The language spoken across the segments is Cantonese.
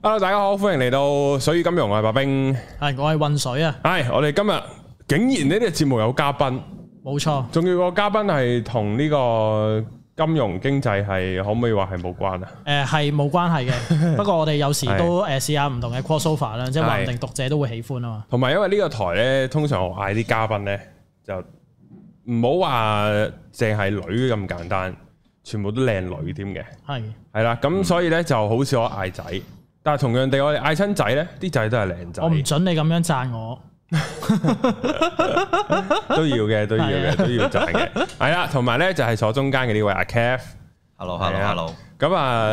hello，大家好，歡迎嚟到水與金融啊，白兵。係，我係混水啊。係，我哋今日竟然呢啲節目有嘉賓，冇錯。仲要個嘉賓係同呢個金融經濟係可唔可以話係冇關啊？誒，係冇關係嘅。不過我哋有時都誒試下唔同嘅 crossover 啦，即係話唔定讀者都會喜歡啊嘛。同埋因為呢個台咧，通常我嗌啲嘉賓咧，就唔好話淨係女咁簡單，全部都靚女添嘅。係係啦，咁所以咧就好似我嗌仔。同樣地我，我哋嗌親仔咧，啲仔都係靚仔。我唔准你咁樣讚我 都，都要嘅，都要嘅，都要讚嘅。係啦，同埋咧就係、是、坐中間嘅呢位阿 k e Hello，Hello，Hello。咁 hello, hello, hello. 啊，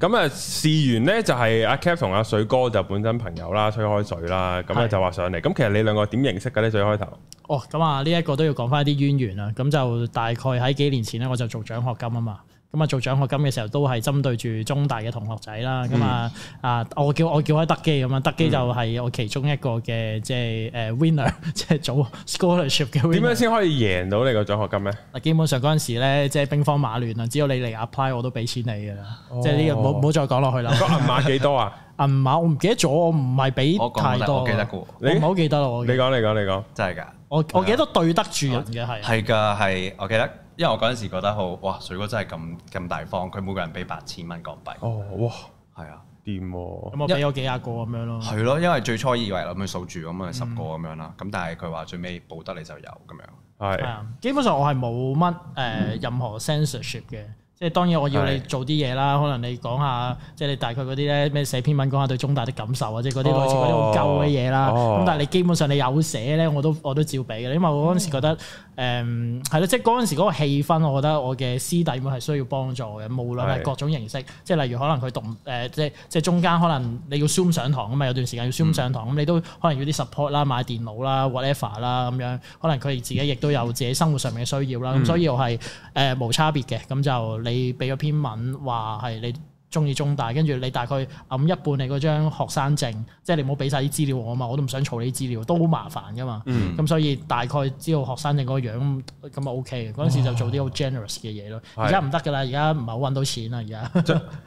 咁啊，事緣咧就係阿 k e 同阿水哥就本身朋友啦，吹開水啦。咁啊就話上嚟。咁是其實你兩個點認識嘅咧？最開頭。哦，咁啊，呢、這、一個都要講返啲淵源啊。咁就大概喺幾年前咧，我就做獎學金啊嘛。咁啊，做獎學金嘅時候都係針對住中大嘅同學仔啦。咁啊啊，我叫我叫開德基咁啊，德基就係我其中一個嘅即係誒 winner，即係做 scholarship 嘅。點樣先可以贏到你個獎學金呢？嗱，基本上嗰陣時咧，即係兵荒馬亂啊，只要你嚟 apply，我都俾錢你噶啦。即係呢個，唔好唔好再講落去啦。銀碼幾多啊？銀碼我唔記得咗，我唔係俾太多。我記得，我記得噶。唔好記得啦，我記得。你講，你講，你講，真係噶。我我記得都對得住人嘅係。係噶係，我記得。因為我嗰陣時覺得好，哇！水哥真係咁咁大方，佢每個人俾八千蚊港幣。哦，哇，係啊，掂喎。咁我俾咗幾廿個咁樣咯。係咯、啊，因為最初以為諗佢數住咁啊十個咁樣啦，咁、嗯、但係佢話最尾報得你就有咁樣。係是啊，基本上我係冇乜誒任何 censorship 嘅、嗯。即係當然我要你做啲嘢啦，是的 可能你講下即係、就是、你大概嗰啲咧咩寫篇文，講下對中大的感受啊，哦、即係嗰啲類似嗰啲好舊嘅嘢啦。咁、哦、但係你基本上你有寫咧，我都我都照俾嘅，因為我嗰陣時覺得誒係咯，即係嗰陣時嗰個氣氛，我覺得我嘅師弟妹係需要幫助嘅，無論係各種形式，即係是的 例如可能佢讀誒即係即係中間可能你要 Zoom 上堂啊，有段時間要 Zoom 上堂，咁、嗯、你都可能要啲 support 啦、買電腦啦、whatever 啦咁樣，可能佢哋自己亦都有自己生活上面嘅需要啦。咁所以我係誒無差別嘅，咁就。你俾咗篇文話係你中意中大，跟住你大概揞一半你嗰張學生證，即係你冇俾晒啲資料我啊嘛，我都唔想儲啲資料，都好麻煩噶嘛。咁、嗯、所以大概知道學生證嗰個樣咁就 O K 嘅。嗰陣時就做啲好 generous 嘅嘢咯。而家唔得㗎啦，而家唔係好揾到錢啦，而家是。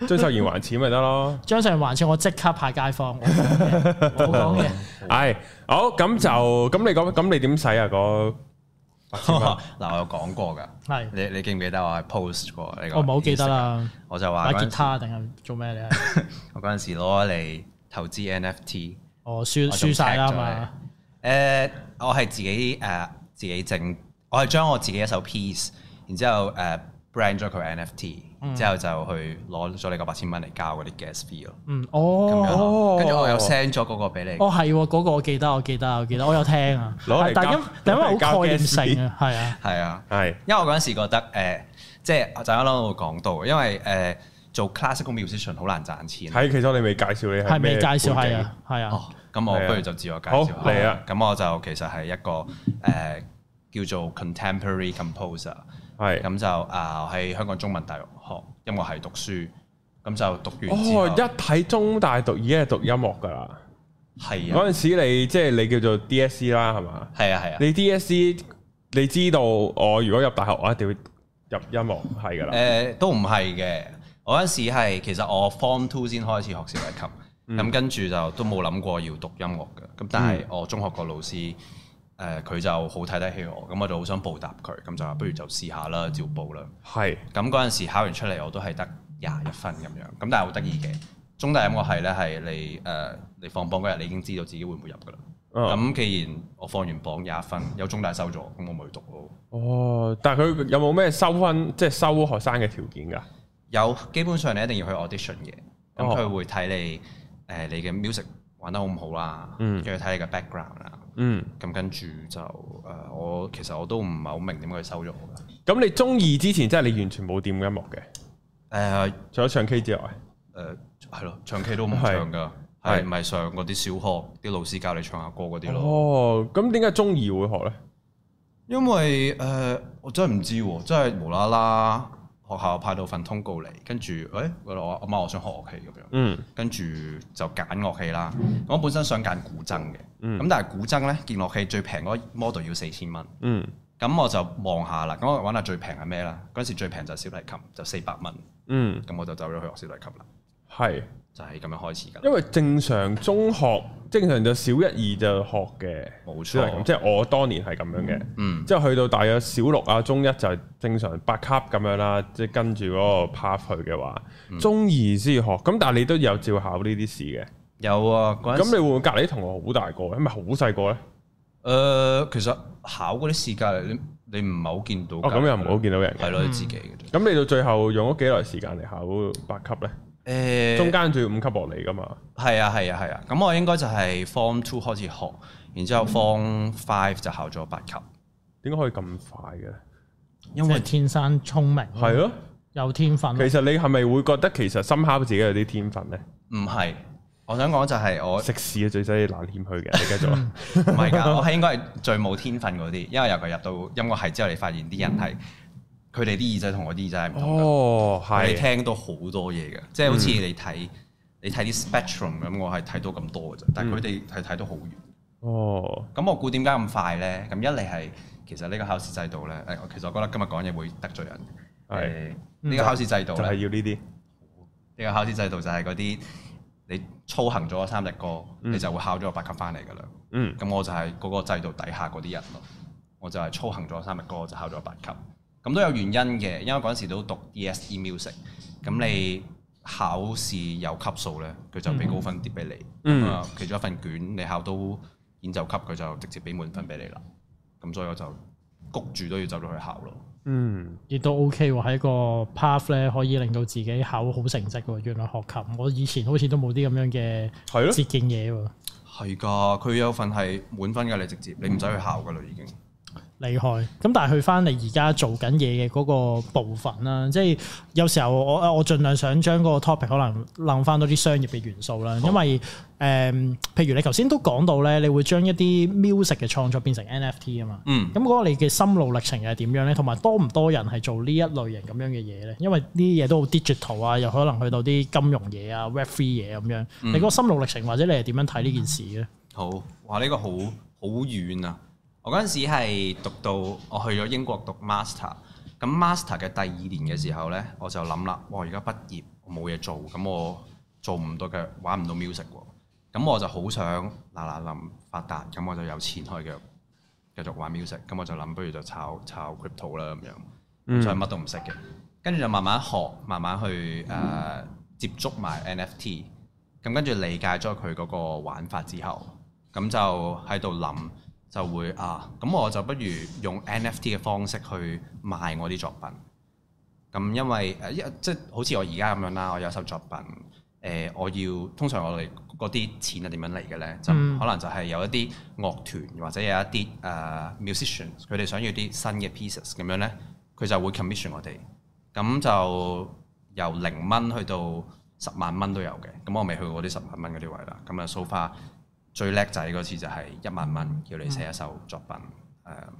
張秀賢還錢咪得咯？ 張秀賢還錢，我即刻派街坊。我講嘢、OK, OK, OK。係、哎，好咁就咁你咁咁你點使啊？嗰嗱、哦，我有講過噶係，你你記唔記得我係 post 過呢、這個？我唔好記得啦。我就話買吉他定係做咩咧？我嗰陣時攞嚟投資 NFT，我輸輸曬啦係咪？誒，我係自己誒自己整，我係將我自己一首 piece，然之後誒。Uh, brand 咗佢 NFT 之後就去攞咗你個八千蚊嚟交嗰啲 gas fee 咯。嗯，哦，跟住我又 send 咗嗰個俾你。哦，係嗰個，我記得，我記得，我記得，我有聽啊。攞嚟交，攞嚟交 gas fee？係啊，係啊，係。因為我嗰陣時覺得誒，即係就啱啱我講到，因為誒做 classical musician 好難賺錢。係，其實你未介紹你係咩？係啊，係啊。咁我不如就自我介紹下。係啊，咁我就其實係一個誒叫做 contemporary composer。係咁是就啊喺香港中文大學學音樂系讀書，咁就讀完哦一睇中大讀已經係讀音樂噶啦，係啊嗰陣時你即係、就是、你叫做 DSE 啦係嘛，係啊係啊你 DSE 你知道我如果入大學我一定要入音樂系噶啦，誒、呃、都唔係嘅，我嗰陣時係其實我 Form Two 先開始學小提琴，咁、嗯、跟住就都冇諗過要讀音樂噶，咁但係我中學個老師。誒佢、呃、就好睇得起我，咁我就好想報答佢，咁就話不如就試下啦，照報啦。係是。咁嗰陣時考完出嚟，我都係得廿一分咁樣，咁但係好得意嘅。中大音樂係咧係你誒你、呃、放榜嗰日，你已經知道自己會唔會入噶啦。咁、哦、既然我放完榜廿一分，有中大收咗，咁我咪去讀咯。哦，但係佢有冇咩收分，即、就、係、是、收學生嘅條件㗎？有，基本上你一定要去 audition 嘅，咁佢會睇你誒、呃、你嘅 music 玩得好唔好啦，跟住睇你嘅 background 啦。嗯，咁跟住就誒、呃，我其實我都唔係好明點解佢收咗我嘅。咁、嗯、你中二之前，即係你完全冇掂音樂嘅？誒、呃，除咗唱 K 之外，誒係咯，唱 K 都唔唱噶，係唔係上嗰啲小學啲老師教你唱下歌嗰啲咯？哦，咁點解中二會學咧？因為誒、呃，我真係唔知喎，真係無啦啦學校派到份通告嚟，跟住喂、欸，我阿媽，媽我想學樂器咁樣，嗯，跟住就揀樂器啦。嗯、我本身想揀古箏嘅。咁但係古箏咧，件樂器最平嗰 model 要四千蚊。嗯，咁我就望下啦，咁我揾下最平係咩啦？嗰時最平就小提琴，就四百蚊。嗯，咁我就走咗去學小提琴啦。係，就係咁樣開始噶因為正常中學正常就小一二就學嘅，冇錯。即係我當年係咁樣嘅。嗯，即係去到大約小六啊，中一就係正常八級咁樣啦，即係跟住嗰個 part 去嘅話，中二先要學。咁但係你都有照考呢啲試嘅。有啊，咁你會唔會隔籬同學好大個，係咪好細個咧？誒，其實考嗰啲試隔籬你你唔係好見到。哦，咁又唔好見到人。係咯，嗯，自己嘅。咁你到最後用咗幾耐時間嚟考八級咧？誒、欸，中間仲要五級落嚟噶嘛？係啊係啊係啊，咁，啊啊啊、我應該就係 Form Two 開始學，然之後 Form Five 就考咗八級。點解可以咁快嘅？因為天生聰明。係咯，啊，有天分，啊。其實你係咪會覺得其實深考自己有啲天分咧？唔係。我想講就係我食屎啊！最犀利難謙去嘅，你繼續。唔係㗎，我係應該係最冇天分嗰啲，因為尤其入到音樂系之後，你發現啲人係佢哋啲耳仔同我啲耳仔係唔同㗎，你聽到好多嘢嘅，即係好似你睇你睇啲 spectrum 咁，我係睇到咁多嘅啫，但係佢哋係睇到好遠。哦、嗯，咁、嗯、我估點解咁快咧，咁一嚟係其實呢個考試制度咧，我其實我覺得今日講嘢會得罪人。係呢、嗯呃呢個考試制度咧，就要呢啲呢個考試制度就係嗰啲。你操行咗三日歌，你就會考咗個八級翻嚟噶啦。咁、嗯、我就係嗰個制度底下嗰啲人咯，我就係操行咗三日歌就考咗八級。咁都有原因嘅，因為嗰陣時都讀 DSE Music，咁你考試有級數咧，佢就俾高分啲俾你。啊、嗯，其中一份卷你考到演奏級，佢就直接俾滿分俾你啦。咁所以我就焗住都要走咗去考咯。嗯，亦都 OK 喎，喺個 path 咧可以令到自己考好成績喎。原來學琴，我以前好似都冇啲咁樣嘅捷徑嘢喎。係㗎、啊，佢 有份係滿分嘅，你直接，你唔使去考㗎啦，已經。厲害！咁但係去翻你而家做緊嘢嘅嗰個部分啦，即係有時候我我盡量想將嗰個 topic 可能掕翻多啲商業嘅元素啦，好因為誒、呃，譬如你頭先都講到咧，你會將一啲 music 嘅創作變成 NFT 啊嘛，嗯，咁嗰個你嘅心路歷程係點樣咧？同埋多唔多人係做呢一類型咁樣嘅嘢咧？因為呢啲嘢都好 digital 啊，又可能去到啲金融嘢啊、web three 嘢咁樣，嗯、你嗰個心路歷程或者你係點樣睇呢件事咧、嗯？好，哇！呢、呢個好好遠啊～我嗰陣時係讀到我去咗英國讀 master，咁 master 嘅第二年嘅時候呢，我就諗啦，我而家畢業，我冇嘢做，咁我做唔到嘅，玩唔到 music 喎，咁我就好想嗱嗱臨發達，咁我就有錢可以繼續玩 music，咁我就諗不如就炒炒 crypto 啦，咁樣、嗯、所以乜都唔識嘅，跟住就慢慢學，慢慢去誒、啊、接觸埋 NFT，咁跟住理解咗佢嗰個玩法之後，咁就喺度諗。就會啊，咁我就不如用 NFT 嘅方式去賣我啲作品。咁、嗯嗯、因為誒一、呃、即係好似我而家咁樣啦，我有首作品，誒、呃、我要通常我哋嗰啲錢係點樣嚟嘅咧？就可能就係有一啲樂團或者有一啲誒、呃、musicians，佢哋想要啲新嘅 pieces 咁樣咧，佢就會 commission 我哋。咁、嗯、就由零蚊去到十萬蚊都有嘅。咁、嗯、我未去過啲十萬蚊嗰啲位啦。咁啊，so far 最叻仔嗰次就係一萬蚊，叫你寫一首作品，誒、嗯呃，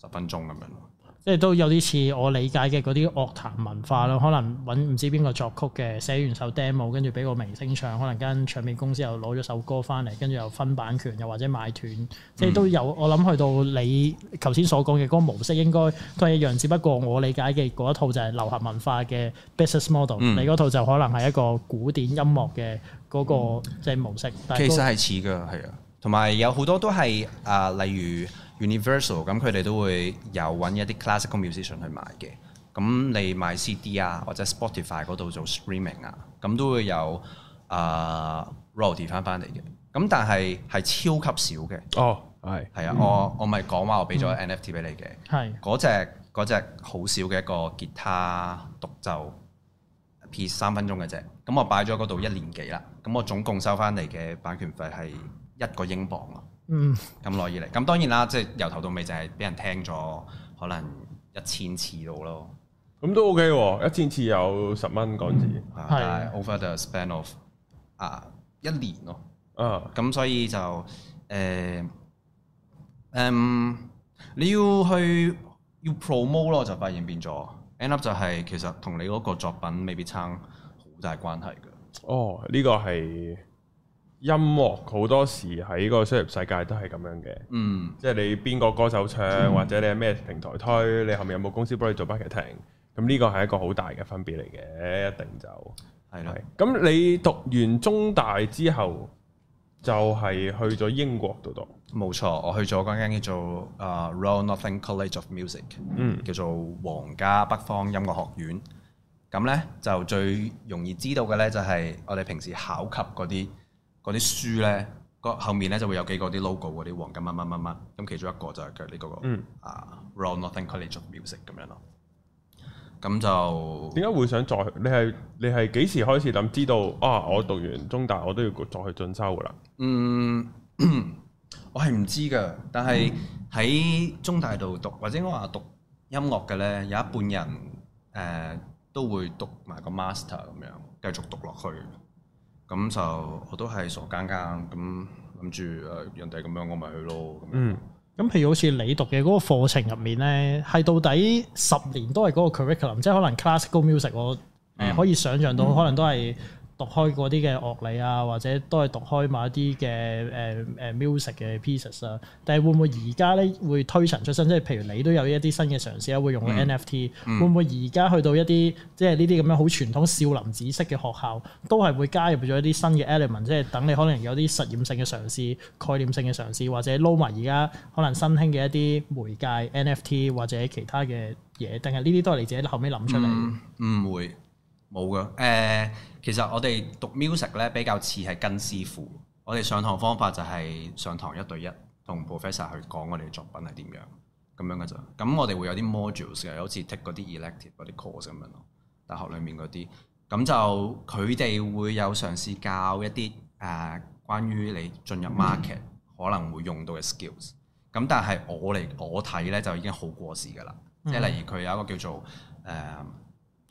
十分鐘咁樣。即係都有啲似我理解嘅嗰啲樂壇文化咯，嗯、可能揾唔知邊個作曲嘅，寫完首 demo 跟住俾個明星唱，可能間唱片公司又攞咗首歌翻嚟，跟住又分版權又或者買斷，即係都有。我諗去到你頭先所講嘅嗰個模式，應該都係一樣，只、嗯、不過我理解嘅嗰一套就係流行文化嘅 business model，、嗯、你嗰套就可能係一個古典音樂嘅嗰個即係模式。嗯、但、那個、其實係似㗎，係啊。同埋有好多都係啊、呃，例如 Universal 咁、嗯，佢哋都會有揾一啲 classical musician 去賣嘅。咁、嗯、你買 CD 啊，或者 Spotify 嗰度做 streaming 啊，咁、嗯、都會有啊 royalty 翻翻嚟嘅。咁、呃嗯、但係係超級少嘅。哦，係係啊，我我咪講話我俾咗 NFT 俾你嘅。係嗰隻隻好少嘅一個吉他獨奏，piece，三分鐘嘅啫。咁、嗯嗯、我擺咗嗰度一年幾啦。咁我總共收翻嚟嘅版權費係一個英鎊啊，嗯，咁耐以嚟，咁當然啦，即係由頭到尾就係俾人聽咗可能一千次到咯，咁都 OK 喎，一千次有十蚊港紙，但係 over the span of 啊一年咯，啊，咁所以就誒誒、呃呃，你要去要 promote 咯，就發現變咗 end up 就係、是、其實同你嗰個作品未必撐好大關係嘅，哦，呢、這個係。音樂好多時喺個商業世界都係咁樣嘅，嗯，即係你邊個歌手唱，嗯、或者你係咩平台推，你後面有冇公司幫你做 marketing，咁呢個係一個好大嘅分別嚟嘅，一定就係啦。咁、嗯、你讀完中大之後，就係、是、去咗英國度讀，冇錯，我去咗嗰間叫做啊、uh, Royal Northern College of Music，嗯、叫做皇家北方音樂學院。咁呢，就最容易知道嘅呢，就係、是、我哋平時考級嗰啲。嗰啲書咧，個後面咧就會有幾個啲 logo，嗰啲黃金乜乜乜乜，咁其中一個就係佢哋嗰個、嗯、啊，Royal London College of Music 咁樣咯。咁就點解會想再去？你係你係幾時開始諗知道？啊，我讀完中大，我都要再去進修噶啦。嗯， 我係唔知噶，但係喺、嗯、中大度讀，或者我話讀音樂嘅咧，有一半人誒、呃、都會讀埋個 master 咁樣，繼續讀落去。咁就我都係傻更更咁諗住誒人哋咁樣我咪去咯。嗯，咁譬如好似你讀嘅嗰、嗰個課程入面咧，係到底十年都係嗰個 curriculum，即係可能 classical music 我誒可以想象到、嗯、可能都係。讀開嗰啲嘅樂理啊，或者都係讀開某一啲嘅誒誒 music 嘅 pieces 啊。但係會唔會而家咧會推陳出新？即係譬如你都有一啲新嘅嘗試啊，會用 NFT、嗯。會唔會而家去到一啲即係呢啲咁樣好傳統少林寺式嘅學校，都係會加入咗一啲新嘅 element，即係等你可能有啲實驗性嘅嘗試、概念性嘅嘗試，或者撈埋而家可能新興嘅一啲媒介 NFT 或者其他嘅嘢？定係呢啲都係你自己後尾諗出嚟？唔、嗯、會。冇㗎，誒、呃，其實我哋讀 music 咧比較似係跟師傅。我哋上堂方法就係上堂一對一，同 professor 去講我哋嘅作品係點樣咁樣嘅咋，咁、嗯嗯嗯、我哋會有啲 modules 嘅，好似 take 嗰啲 elective 嗰啲 course 咁樣咯。大學裡面嗰啲，咁就佢哋會有嘗試教一啲誒，關於你進入 market 可能會用到嘅 skills。咁但係我嚟我睇咧就已經好過時㗎啦。即係、嗯、例如佢有一個叫做誒、呃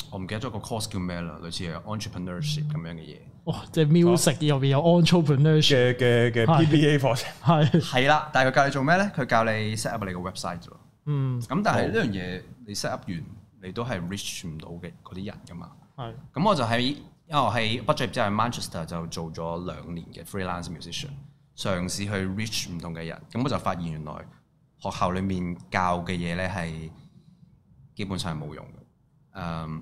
我唔記得咗個 course 叫咩啦，類似係 entrepreneurship 咁樣嘅嘢。哇、哦！即係 music 入邊有 entrepreneurship 嘅嘅嘅 So , PPA 課程。係係啦，但係佢教你做咩咧？佢教你 set up 你個 website 喎。嗯。咁但係呢樣嘢你 set up 完，你都係 reach 唔到嘅嗰啲人噶嘛。係是。咁我就喺哦，喺畢咗業之後喺 Manchester 就做咗兩年嘅 freelance musician，嘗試去 reach 唔同嘅人。咁我就發現原來學校裏面教嘅嘢咧係基本上係冇用嘅。嗯。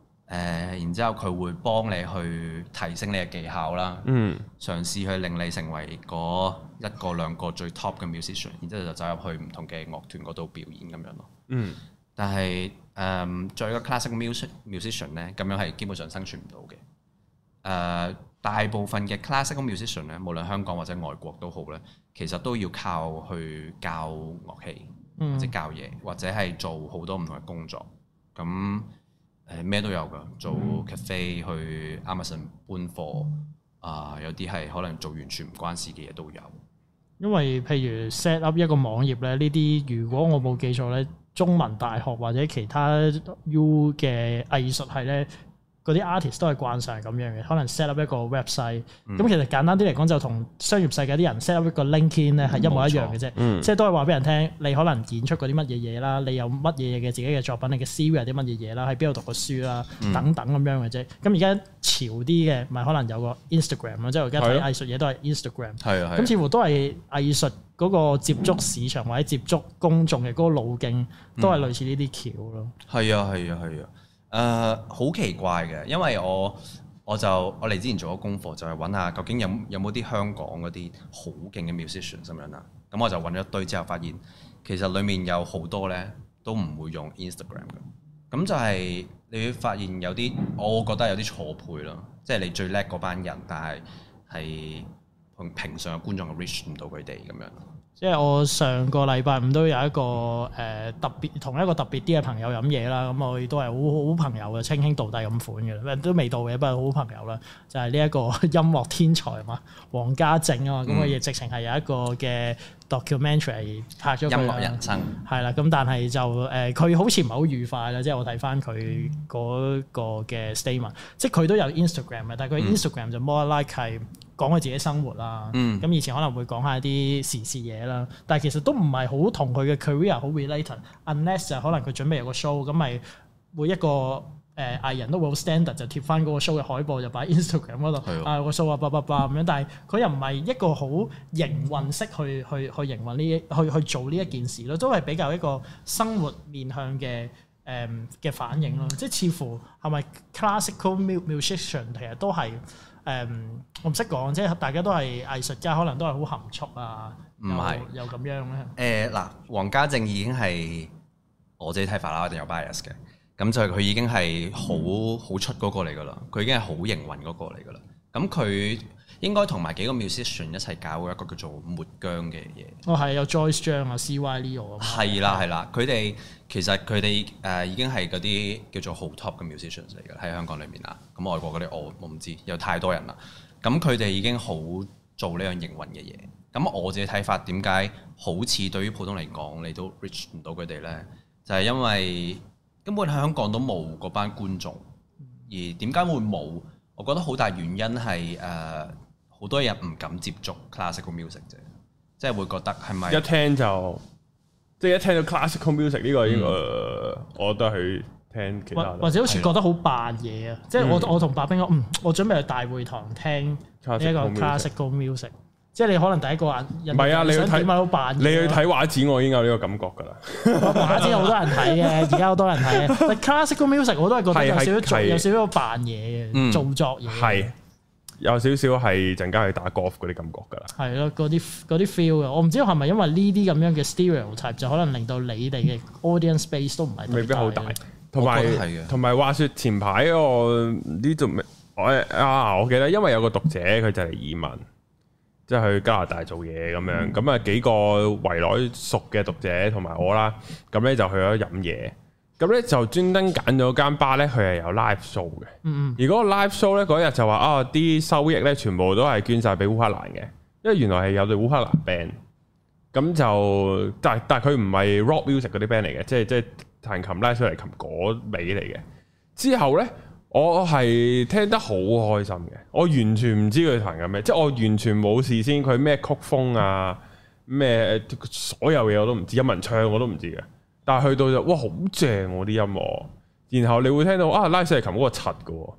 誒、呃，然之後佢會幫你去提升你嘅技巧啦，嗯、嘗試去令你成為嗰一個兩個最 top 嘅 musician，然之後就走入去唔同嘅樂團嗰度表演咁樣咯、嗯。嗯，但係誒，作為一個 classical musician 咧，咁樣係基本上生存唔到嘅。誒、呃，大部分嘅 classical musician 咧，無論香港或者外國都好咧，其實都要靠去教樂器即、嗯、教嘢，或者係做好多唔同嘅工作咁。嗯。誒咩都有㗎，做 cafe 去 Amazon 搬貨啊、呃，有啲係可能做完全唔關事嘅嘢都有。因為譬如 set up 一個網頁咧，呢啲如果我冇記錯咧，中文大學或者其他 U 嘅藝術系咧。嗰啲 artist 都係慣常係咁樣嘅，可能 set up 一個 website，咁、嗯、其實簡單啲嚟講就同商業世界啲人 set up 一個 LinkedIn 咧係一模一樣嘅啫，嗯、即係都係話俾人聽你可能演出嗰啲乜嘢嘢啦，你有乜嘢嘅自己嘅作品，你嘅 CV 啲乜嘢嘢啦，喺邊度讀過書啦，等等咁樣嘅啫。咁而家潮啲嘅咪可能有個 Instagram 咯，即係而家睇藝術嘢都係 Instagram，咁、啊、似乎都係藝術嗰個接觸市場、嗯、或者接觸公眾嘅嗰個路徑都係類似呢啲橋咯。係、嗯、啊，係啊，係啊。誒好，uh，奇怪嘅，因為我我就我嚟之前做咗功課，就係、是、揾下究竟有有冇啲香港嗰啲好勁嘅 musician 咁樣啦。咁我就揾咗一堆之後，發現其實裡面有好多呢都唔會用 Instagram 嘅。咁就係你會發現有啲我覺得有啲錯配咯，即、就、係、是、你最叻嗰班人，但係係同平常嘅觀眾 reach 唔到佢哋咁樣。即係我上個禮拜五都有一個誒、呃、特別同一個特別啲嘅朋友飲嘢啦，咁、嗯、我亦都係好好朋友嘅稱兄道弟咁款嘅，都未到嘅，不過好朋友啦，就係呢一個音樂天才嘛，黃家正啊嘛，咁佢亦直情係有一個嘅 documentary 拍咗音樂人生，係啦，咁但係就誒佢、呃、好似唔係好愉快啦，即係我睇翻佢嗰個嘅 statement，嗯、即係佢都有 Instagram 嘅，但係佢 Instagram 就 more like 係。講佢自己生活啦，咁、嗯、以前可能會講下啲時事嘢啦，但係其實都唔係好同佢嘅 career 好 related，unless 就可能佢準備有個 show，咁咪每一個誒、呃、藝人都會好 standard 就貼翻嗰個 show 嘅海報，就擺 Instagram 嗰度，的啊個 show 啊八八八咁樣，但係佢又唔係一個好營運式去去去營運呢，去去做呢一件事咯，都係比較一個生活面向嘅誒嘅反應咯，即係似乎係咪 classical musician 其實都係。誒，um, 我唔識講，即係大家都係藝術家，可能都係好含蓄啊，唔係，又又咁樣咧。誒嗱、呃呃，黃家正已經係我自己睇法啦，一定有 bias 嘅。咁就佢已經係好好出嗰個嚟噶啦，佢已經係好營運嗰個嚟噶啦。咁佢。應該同埋幾個 musician 一齊搞一個叫做抹姜嘅嘢。哦，係有 Joyce 姜啊，C.Y. Leo。係啦，係啦，佢哋其實佢哋誒已經係嗰啲叫做 hot top 嘅 musicians 嚟㗎，喺香港裡面啦。咁外國嗰啲我我唔知，有太多人啦。咁佢哋已經好做呢樣營運嘅嘢。咁我自己睇法，點解好似對於普通嚟講，你都 reach 唔到佢哋呢？就係因為根本喺香港都冇嗰班觀眾。而點解會冇？我覺得好大原因係誒。呃好多人唔敢接觸 classical music 啫，即係會覺得係咪一聽就即係一聽到 classical music 呢個呢個，我都係聽其他或者好似覺得好扮嘢啊！即係我我同白兵講，嗯，我準備去大會堂聽呢一個 classical music，即係你可能第一個眼唔係啊！你去睇乜都扮，你去睇畫展，我已經有呢個感覺㗎喇。畫展好多人睇嘅，而家好多人睇，但 classical music 我都係覺得有少少扮嘢嘅，做作嘢。有少少係陣間去打 golf 嗰啲感覺㗎啦，係咯，嗰啲啲 feel 嘅，我唔知係咪因為呢啲咁樣嘅 stereotype 就可能令到你哋嘅 audience space 都唔係未必好大，同埋同埋話説前排我呢度咩，我啊我記得，因為有個讀者佢就嚟移民，即係去加拿大做嘢咁樣，咁啊、嗯、幾個圍內熟嘅讀者同埋我啦，咁咧就去咗飲嘢。咁咧就專登揀咗間巴咧，佢係有 live show 嘅。嗯嗯。而嗰個 live show 咧，嗰日就話啊，啲收益咧全部都係捐晒俾烏克蘭嘅，因為原來係有隊烏克蘭 band。咁就，但但佢唔係 rock music 嗰啲 band 嚟嘅，即係即係彈琴拉小提琴嗰味嚟嘅。之後咧，我係聽得好開心嘅，我完全唔知佢彈緊咩，即係我完全冇事先佢咩曲風啊，咩所有嘢我都唔知，英文唱我都唔知嘅。但係去到就哇，好正喎啲音樂。然後你會聽到啊拉西琴嗰個柒㗎，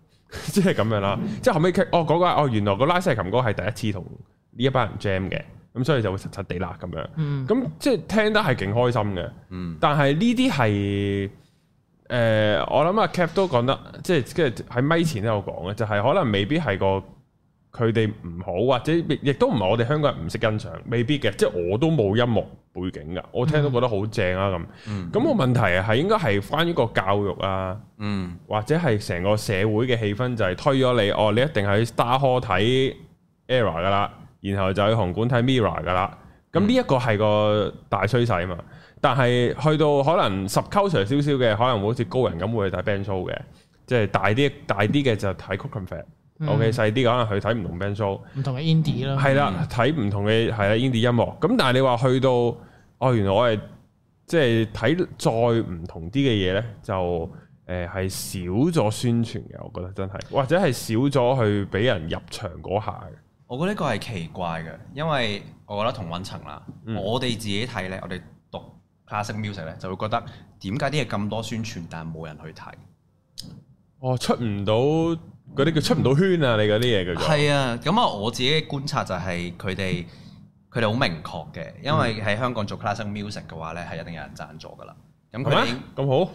即係咁樣啦。即後尾劇哦講解、那個、哦，原來個拉西琴哥係第一次同呢一班人 jam 嘅，咁所以就會實實地啦咁樣。咁即係聽得係勁開心嘅。但係呢啲係誒我諗阿 Cap 都講得即係跟住喺咪前都有講嘅，就係、是、可能未必係個。佢哋唔好，或者亦都唔係我哋香港人唔識欣賞，未必嘅。即係我都冇音樂背景㗎，我聽都覺得好正啊咁。咁個、嗯、問題係應該係關於個教育啊，嗯、或者係成個社會嘅氣氛就係推咗你哦，你一定喺 Star Hall 睇 ERA 噶啦，然後就去紅館睇 Mirror 噶啦。咁呢一個係個大趨勢啊嘛。但係去到可能 subculture 少少嘅，可能會好似高人咁會睇 band show 嘅，即、就、係、是、大啲大啲嘅就睇 Clockenflap。r OK，嗯、細啲嘅可能去睇唔同 band show，唔同嘅 ind 的、嗯、indie 咯、嗯。係啦，睇唔同嘅係啊 indie 音樂。咁但係你話去到哦，原來我係即係睇再唔同啲嘅嘢咧，就誒係、呃、少咗宣傳嘅。我覺得真係，或者係少咗去俾人入場嗰下嘅。我覺得呢個係奇怪嘅，因為我覺得同層層啦。我哋自己睇咧，我哋讀 classic music 咧，就會覺得點解啲嘢咁多宣傳，但係冇人去睇。嗯、哦，出唔到。嗰啲叫出唔到圈啊！你講啲嘢佢係啊，咁啊我自己觀察就係佢哋佢哋好明確嘅。因為喺香港做 classical music 嘅話呢，係一定有人贊助噶啦。咁佢哋咁好，誒、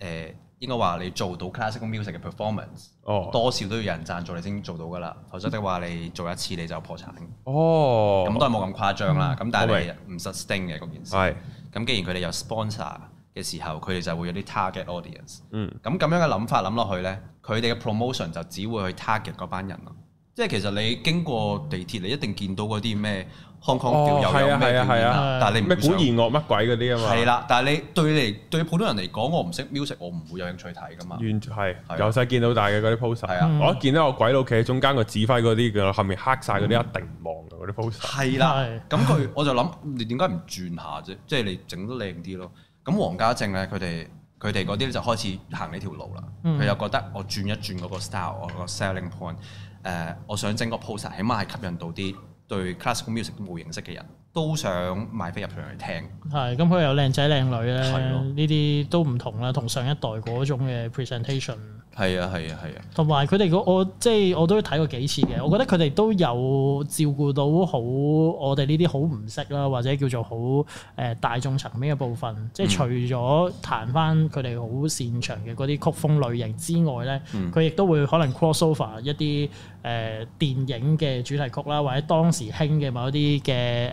呃、應該話你做到 classical music 嘅 performance，、oh. 多少都要有人贊助你先做到噶啦。否則的話，你做一次你就破產。哦，咁都係冇咁誇張啦。咁、oh. 但係唔 sustain 嘅件事。係。咁既然佢哋有 sponsor。嘅時候，佢哋就會有啲 target audience。嗯，咁咁樣嘅諗法諗落去咧，佢哋嘅 promotion 就只會去 target 嗰班人咯。即係其實你經過地鐵，你一定見到嗰啲咩 Hong Kong 有有咩表演啊？但係你唔會想咩管弦樂乜鬼嗰啲啊嘛。係啦，但係你對你對普通人嚟講，我唔識 music，我唔會有興趣睇噶嘛。完全係由細見到大嘅嗰啲 poster。係啊，我一見到我鬼佬企喺中間個指揮嗰啲嘅，後面黑晒嗰啲一定望嘅嗰啲 poster。係啦，咁佢我就諗，你點解唔轉下啫？即係你整得靚啲咯。咁黃家正咧，佢哋佢哋嗰啲咧就開始行呢條路啦。佢又覺得我轉一轉嗰個 style，我個 selling point，誒，我想整個 poster，起碼係吸引到啲對 classical music 都冇認識嘅人，都想買飛入場嚟聽。係，咁佢有靚仔靚女咧，呢啲都唔同啦，同上一代嗰種嘅 presentation。係啊，係啊，係啊！同埋佢哋我即係、就是、我都睇過幾次嘅，我覺得佢哋都有照顧到好我哋呢啲好唔識啦，或者叫做好誒、呃、大眾層面嘅部分。即係除咗彈翻佢哋好擅長嘅嗰啲曲風類型之外咧，佢亦、嗯、都會可能 cross over 一啲誒、呃、電影嘅主題曲啦，或者當時興嘅某一啲嘅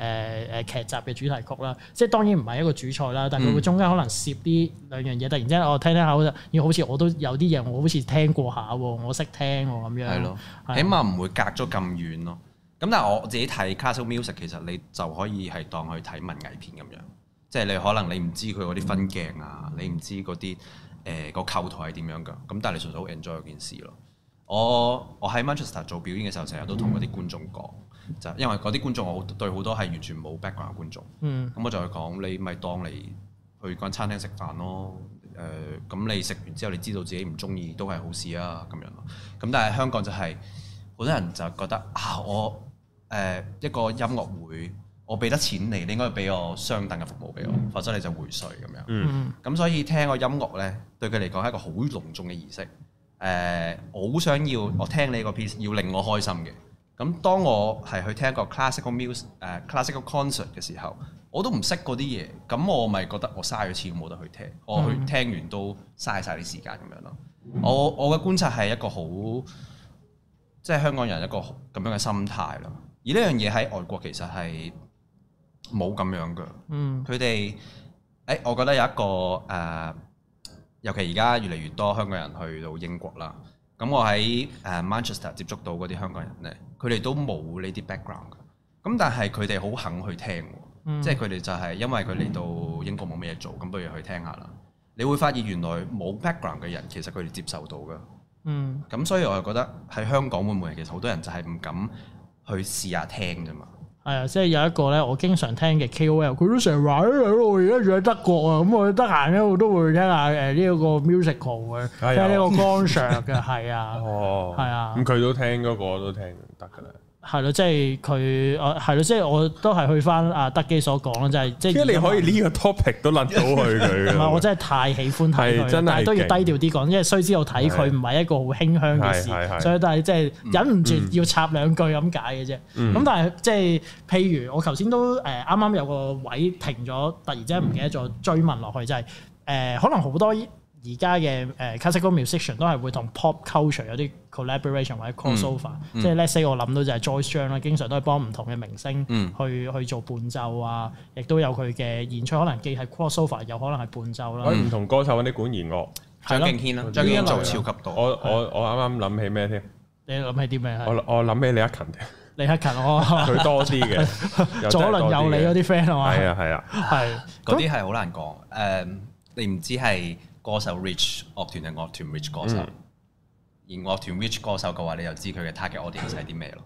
誒誒劇集嘅主題曲啦。即係當然唔係一個主菜啦，但係佢會中間可能攝啲兩樣嘢，嗯、突然之間我聽聽下，我就要好似我都有啲嘢我。好似聽過下，我識聽咁樣，係咯的，的起碼唔會隔咗咁遠咯。咁但係我自己睇 classical music，其實你就可以係當去睇文藝片咁樣，即係你可能你唔知佢嗰啲分鏡啊，嗯、你唔知嗰啲誒個構圖係點樣噶。咁但係你純粹好 enjoy 件事咯。我我喺 Manchester 做表演嘅時候，成日都同嗰啲觀眾講，就、嗯、因為嗰啲觀眾我對好多係完全冇 background 嘅觀眾，嗯，咁、嗯、我就去講你咪當你去間餐廳食飯咯。誒咁、呃、你食完之後，你知道自己唔中意都係好事啊，咁樣咯。咁但係香港就係、是、好多人就覺得啊，我誒、呃、一個音樂會，我俾得錢你，你應該俾我相等嘅服務俾我，嗯、否則你就會稅咁樣。嗯。咁所以聽個音樂咧，對佢嚟講係一個好隆重嘅儀式。呃、我好想要我聽你個 piece，要令我開心嘅。咁當我係去聽一個 classical music、uh, classical concert 嘅時候。我都唔識嗰啲嘢，咁我咪覺得我嘥咗錢，冇得去聽。我去聽完都嘥晒啲時間咁樣咯。我我嘅觀察係一個好即係香港人一個咁樣嘅心態咯。而呢樣嘢喺外國其實係冇咁樣噶。嗯，佢哋誒，我覺得有一個誒、呃，尤其而家越嚟越多香港人去到英國啦。咁我喺誒、呃、Manchester 接觸到嗰啲香港人咧，佢哋都冇呢啲 background，咁但係佢哋好肯去聽。嗯、即係佢哋就係因為佢嚟到英國冇乜嘢做，咁不如去聽下啦。你會發現原來冇 background 嘅人其實佢哋接受到㗎。嗯。咁所以我又覺得喺香港會唔會其實好多人就係唔敢去試下聽啫嘛。係啊，即係有一個咧，我經常聽嘅 KOL 佢都成日話咧，我而家住喺德國啊，咁我得閒咧我都會聽下誒呢個 musical 嘅，聽呢個 concert 嘅，係啊、哎呀， 哦，係啊。咁佢都聽嗰個都聽得㗎啦。係咯，即係佢，誒，係咯，即係我都係去翻阿德基所講啦，即係即係你可以呢個 topic 都諗到去佢。唔係， 我真係太喜歡睇佢， 但係都要低調啲講，因為雖知我睇佢唔係一個好馨香嘅事，所以但係即係忍唔住要插兩句咁解嘅啫。咁、嗯、但係即係譬如我頭先都誒啱啱有個位停咗，突然之間唔記得咗，追問落去，嗯、就係、是、誒、呃、可能好多。而家嘅誒 classical musician 都係會同 pop culture 有啲 collaboration 或者 c r o s s o f a 即係 let’s a y 我諗到就係 Joyce z h n g 啦，經常都係幫唔同嘅明星去去做伴奏啊，亦都有佢嘅演唱，可能既係 c r o s s o f a r 有可能係伴奏啦。可唔同歌手揾啲管弦樂，張敬軒啊，做超級多。我我我啱啱諗起咩添？你諗起啲咩啊？我我諗起李克勤李克勤，佢多啲嘅，左能有你嗰啲 friend 係嘛？係啊係啊，係嗰啲係好難講誒，你唔知係。歌手 rich 樂團定樂團 rich 歌手，嗯、而樂團 rich 歌手嘅話，你就知佢嘅 target audience 係啲咩咯？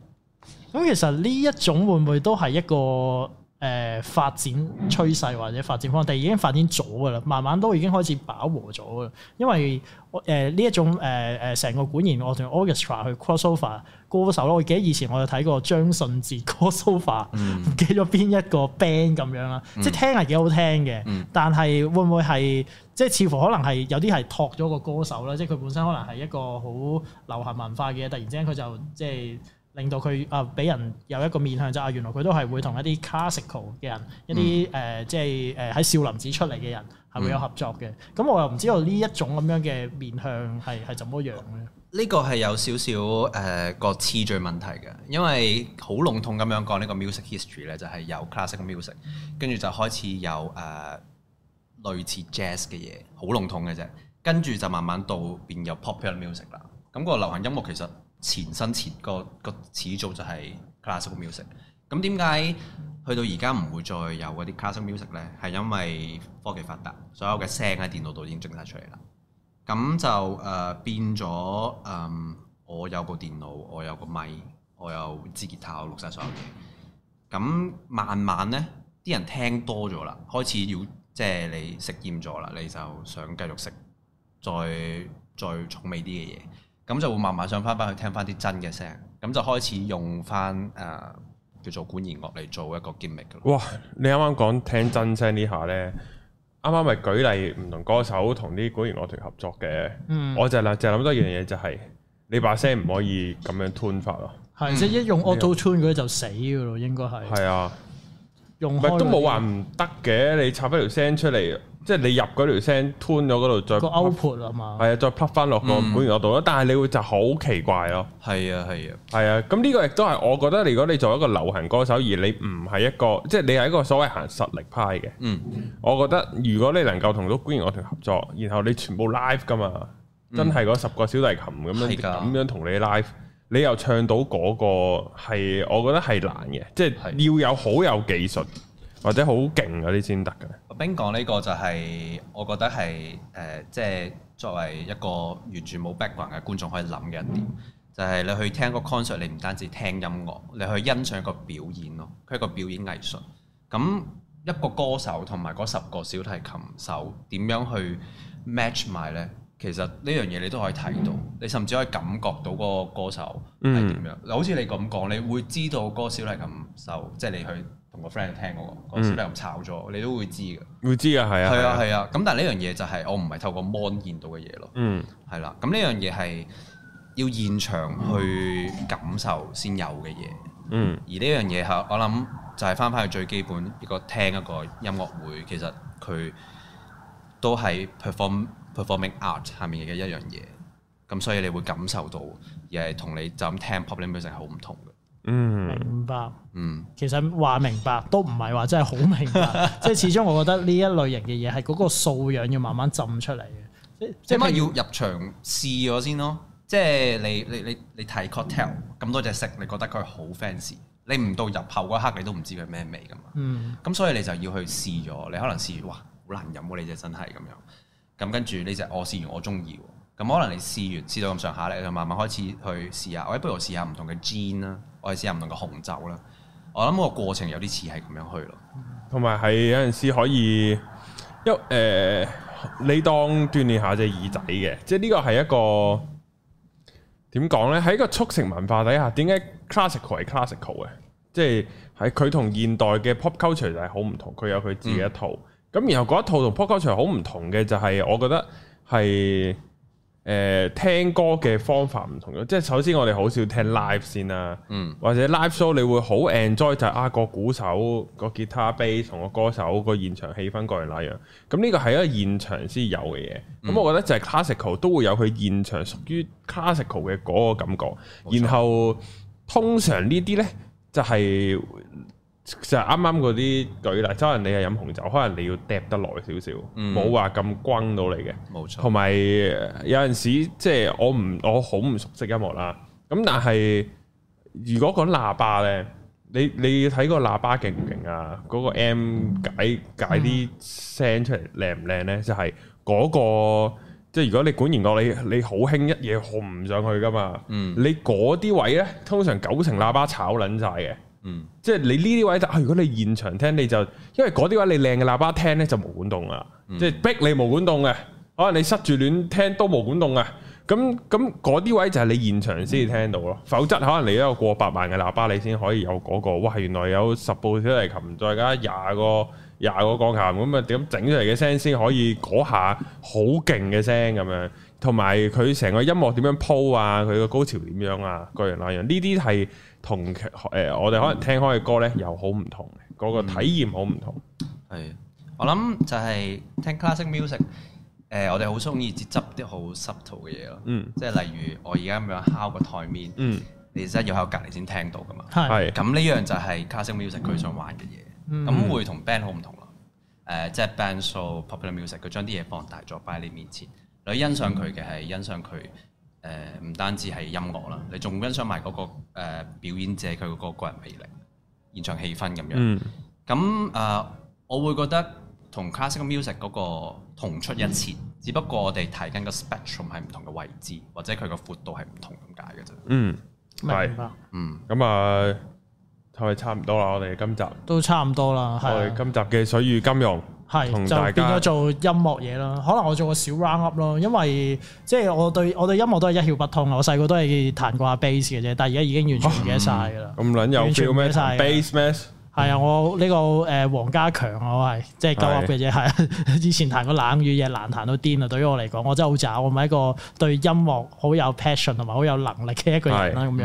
咁、嗯、其實呢一種會唔會都係一個誒、呃、發展趨勢或者發展方向？嗯、但已經發展咗噶啦，慢慢都已經開始飽和咗啦。因為誒呢、呃、一種誒誒成個管弦樂團 orchestra 去 crossover 歌手咯。我記得以前我有睇過張信哲 crossover，唔、嗯、記得邊一個 band 咁樣啦。嗯、即係聽係幾好聽嘅，嗯、但係會唔會係？即係似乎可能係有啲係托咗個歌手啦，即係佢本身可能係一個好流行文化嘅嘢，突然之間佢就即係令到佢啊俾人有一個面向，就啊原來佢都係會同一啲 classical 嘅人，嗯、一啲誒、呃、即係誒喺少林寺出嚟嘅人係會有合作嘅。咁、嗯嗯、我又唔知道呢一種咁樣嘅面向係係怎麼樣咧？呢個係有少少誒個次序問題嘅，因為好籠統咁樣講呢個 music history 咧，就係有 classical music，跟住就開始有誒。呃呃類似 jazz 嘅嘢，好籠統嘅啫。跟住就慢慢到變有 popular music 啦。咁個流行音樂其實前身前、嗰個，前、嗰個個始祖就係 classical music。咁點解去到而家唔會再有嗰啲 classical music 呢？係因為科技發達，所有嘅聲喺電腦度已經整晒出嚟啦。咁就誒、呃、變咗誒、呃，我有部電腦，我有個咪，我有支吉他，我錄曬所有嘢。咁慢慢呢，啲人聽多咗啦，開始要。即係你食厭咗啦，你就想繼續食，再再重味啲嘅嘢，咁就會慢慢想翻翻去聽翻啲真嘅聲，咁就開始用翻誒、呃、叫做管弦樂嚟做一個 gimmick 㗎啦。哇！你啱啱講聽真聲呢下咧，啱啱咪舉例唔同歌手同啲管弦樂團合作嘅，嗯，我就係、是、啦，就諗多樣嘢就係你把聲唔可以咁樣 tune 法咯，係是、嗯、即係一用 auto tune 嗰就死噶咯，嗯、應該係，係啊。都冇話唔得嘅，你插翻條聲出嚟，即係你入嗰條聲 turn 咗嗰度再個 output 啊再翻落個管弦樂度咯。嗯、但係你會就好奇怪咯。係啊、嗯，係啊，係啊。咁呢個亦都係我覺得，如果你做一個流行歌手，而你唔係一個，即係你係一個所謂行實力派嘅。嗯，我覺得如果你能夠同到管弦樂團合作，然後你全部 live 噶嘛，真係嗰十個小提琴咁、嗯嗯、樣咁樣同你 live。你又唱到嗰個係，我覺得係難嘅，即係要有好有技術或者好勁嗰啲先得嘅。阿兵講呢個就係我覺得係誒，即係作為一個完全冇 background 嘅觀眾可以諗嘅一點，就係你去聽個 concert，你唔單止聽音樂，你去欣賞一個表演咯，佢係一個表演藝術。咁一個歌手同埋嗰十個小提琴手點樣去 match 埋呢？其實呢樣嘢你都可以睇到，你甚至可以感覺到個歌手係點樣。好似、嗯、你咁講，你會知道歌手黎咁受，即、就、係、是、你去同個 friend 聽嗰、那個，歌手嚟咁炒咗，你都會知嘅。會知啊，係啊，係啊，係啊。咁、啊、但係呢樣嘢就係我唔係透過 mon 見到嘅嘢咯。嗯，係啦、啊。咁呢樣嘢係要現場去感受先有嘅嘢。嗯。而呢樣嘢係我諗就係翻返去最基本一個聽一個音樂會，其實佢都係 perform。performing art 下面嘅一樣嘢，咁所以你會感受到，而係同你就咁聽 pop music 係好唔同嘅。嗯，明白。嗯，其實話明白都唔係話真係好明白，明白 即係始終我覺得呢一類型嘅嘢係嗰個素養要慢慢浸出嚟嘅。即即係要入場試咗先咯。即係你你你你睇 cocktail 咁多隻色，你覺得佢好 fancy 你唔到入口嗰刻你都唔知佢咩味噶嘛。嗯。咁所以你就要去試咗，你可能試哇好難飲喎、啊，你就真係咁樣。咁跟住呢隻我試完我中意，咁可能你試完試到咁上下咧，就慢慢開始去試下。我不如我試下唔同嘅 Gin 啦，我試下唔同嘅紅酒啦。我諗個過程有啲似係咁樣去咯。同埋係有陣時可以，因為、呃、你當鍛鍊下隻耳仔嘅，即係呢個係一個點講咧？喺個速成文化底下，點解 classical 係 classical 嘅？即係喺佢同現代嘅 pop culture 就係好唔同，佢有佢自己一套。嗯咁然後嗰一套、er、同 pop culture 好唔同嘅就係，我覺得係誒、呃、聽歌嘅方法唔同咗。即係首先我哋好少聽 live 先啦、啊，嗯，或者 live show 你會好 enjoy 就係啊、個鼓手、個吉他、bass 同個歌手、個現場氣氛各樣那樣。咁呢個係一個現場先有嘅嘢。咁、嗯、我覺得就係 classical 都會有佢現場屬於 classical 嘅嗰個感覺。嗯、然後通常呢啲呢，就係、是。就係啱啱嗰啲舉例，即係你係飲紅酒，可能你要嗒得耐少少，冇話咁轟到你嘅。冇錯。同埋有陣時，即係我唔我好唔熟悉音樂啦。咁但係如果講喇叭呢，你你睇個喇叭勁唔勁啊？嗰個 M 解解啲聲出嚟靚唔靚呢？就係嗰個即係如果你管弦樂，你你好輕一嘢，好唔上去噶嘛。嗯。你嗰啲位呢，通常九成喇叭炒撚晒嘅。嗯，即係你呢啲位就、啊，如果你現場聽你就，因為嗰啲位你靚嘅喇叭聽咧就冇管動啊，即係、嗯、逼你冇管動嘅，可能你塞住亂聽都冇管動嘅，咁咁嗰啲位就係你現場先至聽到咯，嗯、否則可能你都有過百萬嘅喇叭你先可以有嗰、嗰個，哇原來有十部小提琴再加廿個廿個鋼琴，咁啊點整出嚟嘅聲先可以嗰下好勁嘅聲咁樣。同埋佢成個音樂點樣鋪啊，佢個高潮點樣啊，各樣各樣呢啲係同誒我哋可能聽開嘅歌咧又好唔同嘅，嗰、嗯、個體驗好唔同。係，我諗就係聽 classical music 誒、呃，我哋好中意接執啲好 subtle 嘅嘢咯。即係例如我而家咁樣敲個台面，嗯，你真係要喺我隔離先聽到噶嘛。係的，咁呢的樣就係 classical music 佢想玩嘅嘢，咁、嗯嗯、會同 band、呃就是、band 好唔同咯。誒，即係 band 做 popular music，佢將啲嘢放大咗擺你面前。你欣賞佢嘅係欣賞佢，誒、呃、唔單止係音樂啦，你仲欣賞埋、那、嗰個、呃、表演者佢個個人魅力、現場氣氛咁樣。咁誒、嗯呃，我會覺得同 classical music 嗰個同出一轍，嗯、只不過我哋睇緊個 spectrum 喺唔同嘅位置，或者佢個闊度係唔同咁解嘅啫。嗯，是明白。嗯，咁啊，係差唔多啦。我哋今集都差唔多啦。係我哋今集嘅水與金融。係對就變咗做音樂嘢啦，可能我做個小 roundup 咯，因為即係、就是、我對我對音樂都係一竅不通啊！我細個都係彈過下 bass 嘅啫，但係而家已經完全忘記曬㗎啦。咁撚、哦嗯哦嗯、有 feel 咩？Bass 咩？係啊，我呢個誒黃家強我係即係鳩噏嘅啫，係以前彈個冷雨夜難彈到癲啊！對於我嚟講，我真係好渣，我唔係一個對音樂好有 passion 同埋好有能力嘅一個人啦咁樣。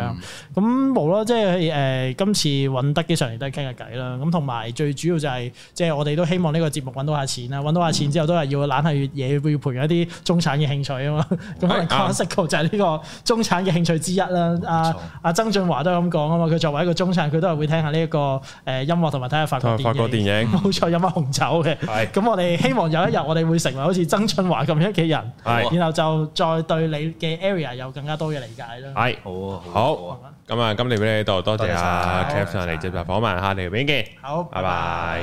咁冇啦，即係誒今次揾得幾上嚟都係傾下偈啦。咁同埋最主要就係即係我哋都希望呢個節目揾到下錢啦，揾到下錢之後都係要攬下嘢，要培養一啲中產嘅興趣啊嘛。咁可能 classical 就係呢個中產嘅興趣之一啦。阿阿曾俊華都係咁講啊嘛，佢作為一個中產，佢都係會聽下呢一個誒。呃音樂同埋睇下法國電影，冇錯，飲下紅酒嘅。係，咁我哋希望有一日我哋會成為好似曾俊華咁樣嘅人。係，然後就再對你嘅 area 有更加多嘅理解啦。係，好，好，咁啊，今日喺呢度多謝阿 Captain 嚟接受訪問吓，你邊見，好，拜拜。